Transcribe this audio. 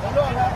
Hello, hello.